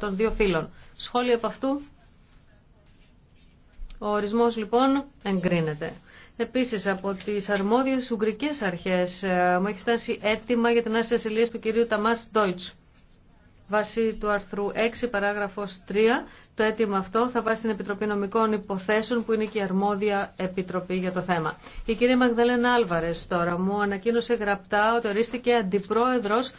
των δύο φύλων. Σχόλιο από αυτού. Ο ορισμός λοιπόν εγκρίνεται. Επίσης από τις αρμόδιες ουγγρικές αρχές ε, μου έχει φτάσει έτοιμα για την άρση ασυλίας του κυρίου Ταμάς Ντόιτς. Βάσει του αρθρού 6 παράγραφος 3 το αίτημα αυτό θα βάσει στην Επιτροπή Νομικών Υποθέσεων που είναι και η αρμόδια επιτροπή για το θέμα. Η κυρία Μαγδαλένα Άλβαρες τώρα μου ανακοίνωσε γραπτά ότι ορίστηκε αντιπρόεδρος